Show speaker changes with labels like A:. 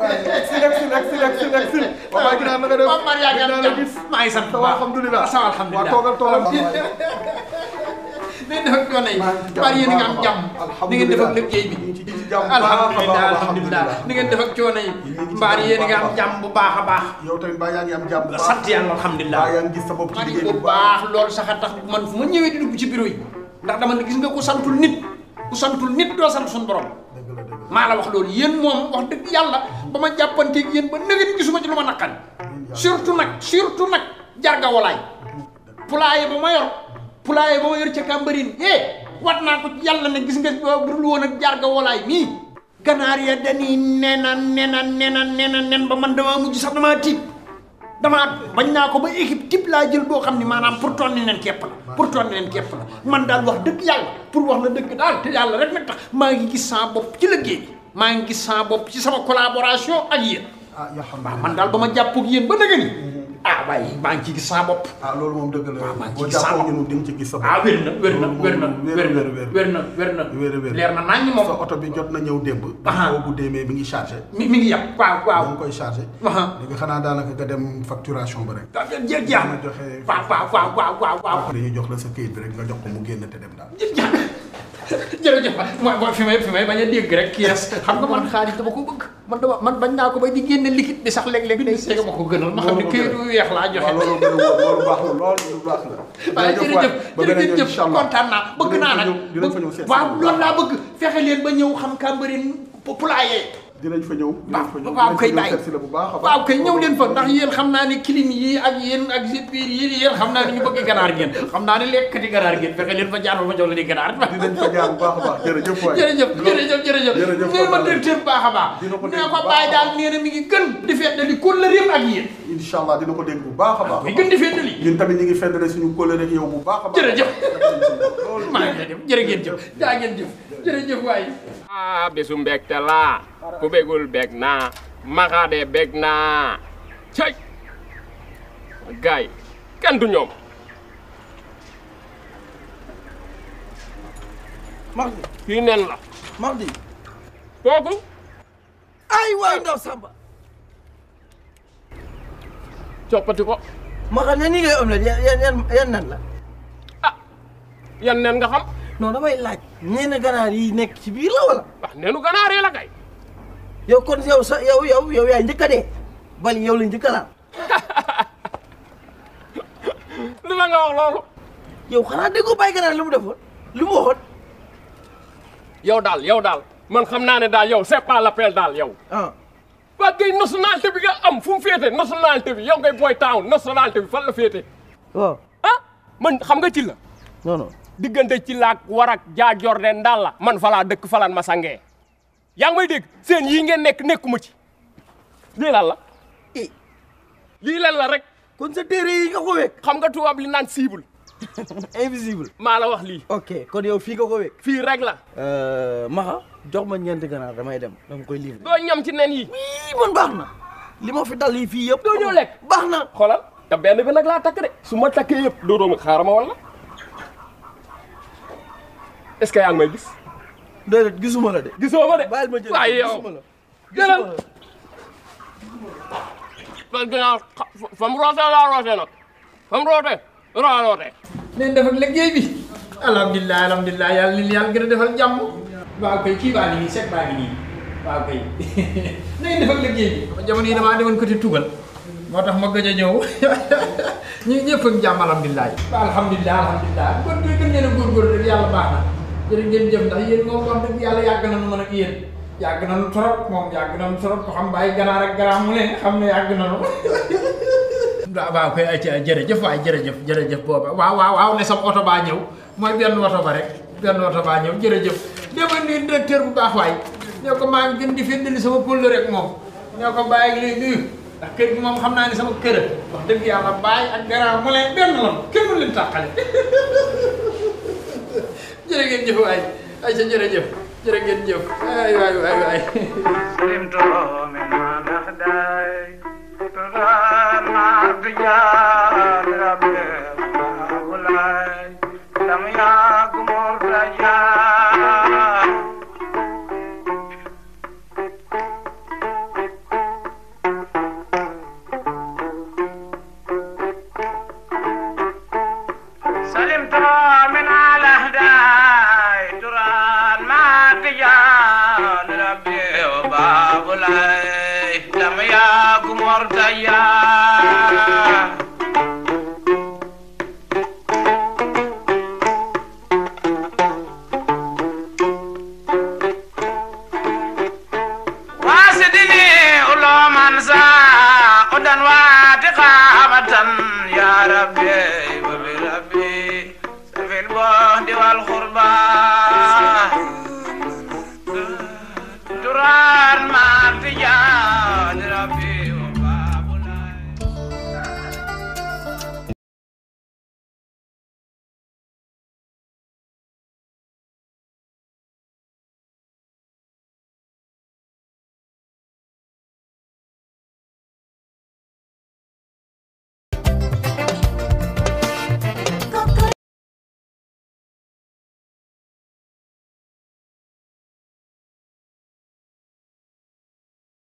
A: si nag si nag si na nga def ginnaaw la gis. maa ngi sant bu baax alhamdulilah waaw toogal toogal. mais dafa doon nañu. maa ngi am jàmm ni ngeen def ak liggéey bi. ñu ngi ni ngeen def ak coono yi. mbaar yéen a ngi am baax a baax. yow tamit mbaa yaa ngi am jàmm bu baax ngi sa bopp ci liggéey bu baax a ndax dama ne gis nga ku santul nit ku santul nit doo sant suñu borom maa la wax loolu yéen moom wax dëgg yàlla ba ma jàppanteeg yéen ba nëgëni gisuma ci lu ma naqari surtout nag surtout nag jarga walaay poulailler ba ma yor poulailler ba ma yor ca Cambérène eh wat naa ko ci yàlla ne gis nga lu woon ak jarga walaay mii ganaar ya dañuy nena nena nena nena nen ba man damaa mujj sax damaa tiit damaa bañ naa ko ba équipe type laa jël boo xam ni maanaam pour tonni leen képp la pour tonni leen képp la man daal wax dëgg yàlla pour wax la dëgg daal te yàlla rek nag tax maa ngi gis sama bopp ci liggéey bi maa ngi gis sama bopp ci sama collaboration ak yéen. ah waaw man daal ba ma jàpp ak yéen ba nag ni. Mm-hmm. ah waaye maa ngi ci gis sama bopp. ah loolu moom dëgg la maa ngi ci gis sama bopp di nga ci gis sa bopp. ah wér na wér na wér na wér na wér na wér na wér leer na naa ñu moom. sa oto bi jot na ñëw démb. boo bu démee mi ngi chargé. mi mi ngi yàpp waaw waaw. mu ngi koy chargé. léegi xanaa daanaka nga dem facturation ba rek. jërëjëf ah, jërëjëf waaw waaw waaw waaw waaw.
B: dañuy jox la sa këyit bi
A: rek nga jox ko mu génn te dem daal. jërëjëf mooy mooy fi may fi may bañ a dégg rek kees xam nga man xaalis dama ko bëgg man dama man bañ naa ko bay di génne liquide bi sax léeg-léeg day seeg ma ko gënal ma xam ne këyit bu weex laa joxe loolu loolu baax bëgg naa nag waaw loolu laa bëgg fexe leen ba ñëw xam Cambérène poulailler dinañ fa ñëw dinañ fa ñëw ah, waaw kay bàyyi si la bu baax waaw kay ñëw leen fa ndax yéen xam naa ni kilim yi ak yéen ak jépir yi yéen xam naa ni ñu bëgg ganaar ngeen xam naa ni lekkati ganaar ngeen fexe leen fa jaar fa ma jox la di ganaar dinañ fa jaar bu baax a baax jërëjëf waay jërëjëf jërëjëf jërëjëf mais ma directeur bu baax a baax dina ko dégg ne ko bàyyi daal nee na mi ngi gën di feddali kóllëre ak yéen incha allah dina ko dégg bu baax a baax mi gën di feddali ñun tamit ñu ngi feddali suñu kóllëre ak yow bu baax a baax jërëjëf maa ngi jëf jërë ngeen jëf daa ngeen jëf jërëjëf waay ah bisu
B: mbégte laa ku bégul bég naa maxaade bég naa cëy gaay kenn du ñoom mardi kii nen la mardi kooku ay waay ndaw samba coppati ko ma xam ne ni ngay omelette yan yan nen la ah nen nga xam non damay laaj nee na ganaar yii nekk ci biir la wala wax neenu ganaar yi la kay yow kon yow sa yow yow yow yaay njëkk a dee la njëkk a laal. lu la nga wax loolu. yow xanaa déggoo bàyyi gannaaw li mu defoon li mu waxoon. yow daal yow daal man xam naa ne daal yow c'est la l'appel daal yow. ah. waa kay nationalité bi nga am fu mu féete nationalité bi yow ngay booy town nationalité bi fan la féete. waaw ah, man xam nga ci la. non non diggante ci laak warak jaajoor ne daal la man falaa dëkk falan ma sangee. yaa ngi may dégg seen yii ngeen nekk ma ci lii lan la eh. lii lan la rek kon sa téere yi nga ko wékk xam nga tubaab li naan cible invisible maa la wax lii ok kon yow fii nga ko fii rek la euh, maxa jox ma ñeenti ganaar may dem dama koy livre doo ñam ci neen yi ii man baax na li ma fi dal yi fii yëpp doo ñëw lekk baax na xoolal te benn bi nag laa takk de su ma takkee yëpp doo dooma xaarama wala est-ce que yaa ngi may gis déedéet gisuma la de. gisoo ma de bàyyil ma jël waaye yow jëlal
A: man ginnaaw liggéey bi. alhamdulilah alhamdulilah yàlla li yàlla gën a defal jàmm. waaw kay kii baa ngi nii set baa ngi nii waaw kay nañ defar liggéey bi. ba jamono yi damaa demoon Tugal. moo tax ma gëj a ñëw ñu ñëpp ak jàmm alhamdulilah. alhamdulilah alhamdulilah kon kay gën ngeen baax na. jërë jam-jam ndax yéen moom wax dëgg yàlla yàgg nañu mën ak yéen yàgg nañu trop moom yàgg nañu trop ko xam bàyyi ganaar ak garaam mu ne xam ne yàgg nañu waaw koy ay jërëjëf waay jërëjëf jërëjëf booba waaw waaw waaw ne sama oto baa ñëw mooy benn oto ba rek benn oto baa ñëw directeur bu baax ko ngi gën di fendali sama pël rek moom ne ko bàyyi lii nuyu ndax kër gi xam sama kër wax dëgg yàlla bàyyi ak garaam mu ne benn la kenn leen ghiêng vô mày ai xin vô đây vô vô đây ghiêng vô ai ai ai ai tim to mình mà đã đây ra
B: mà bây giờ ra bờ lại tam ya cũng một ra ya Salim Tara
A: Wardaya
B: Wasidini ulo Udan ya Rabbi Rabbi, Rabbi sifil bohdi wal khurban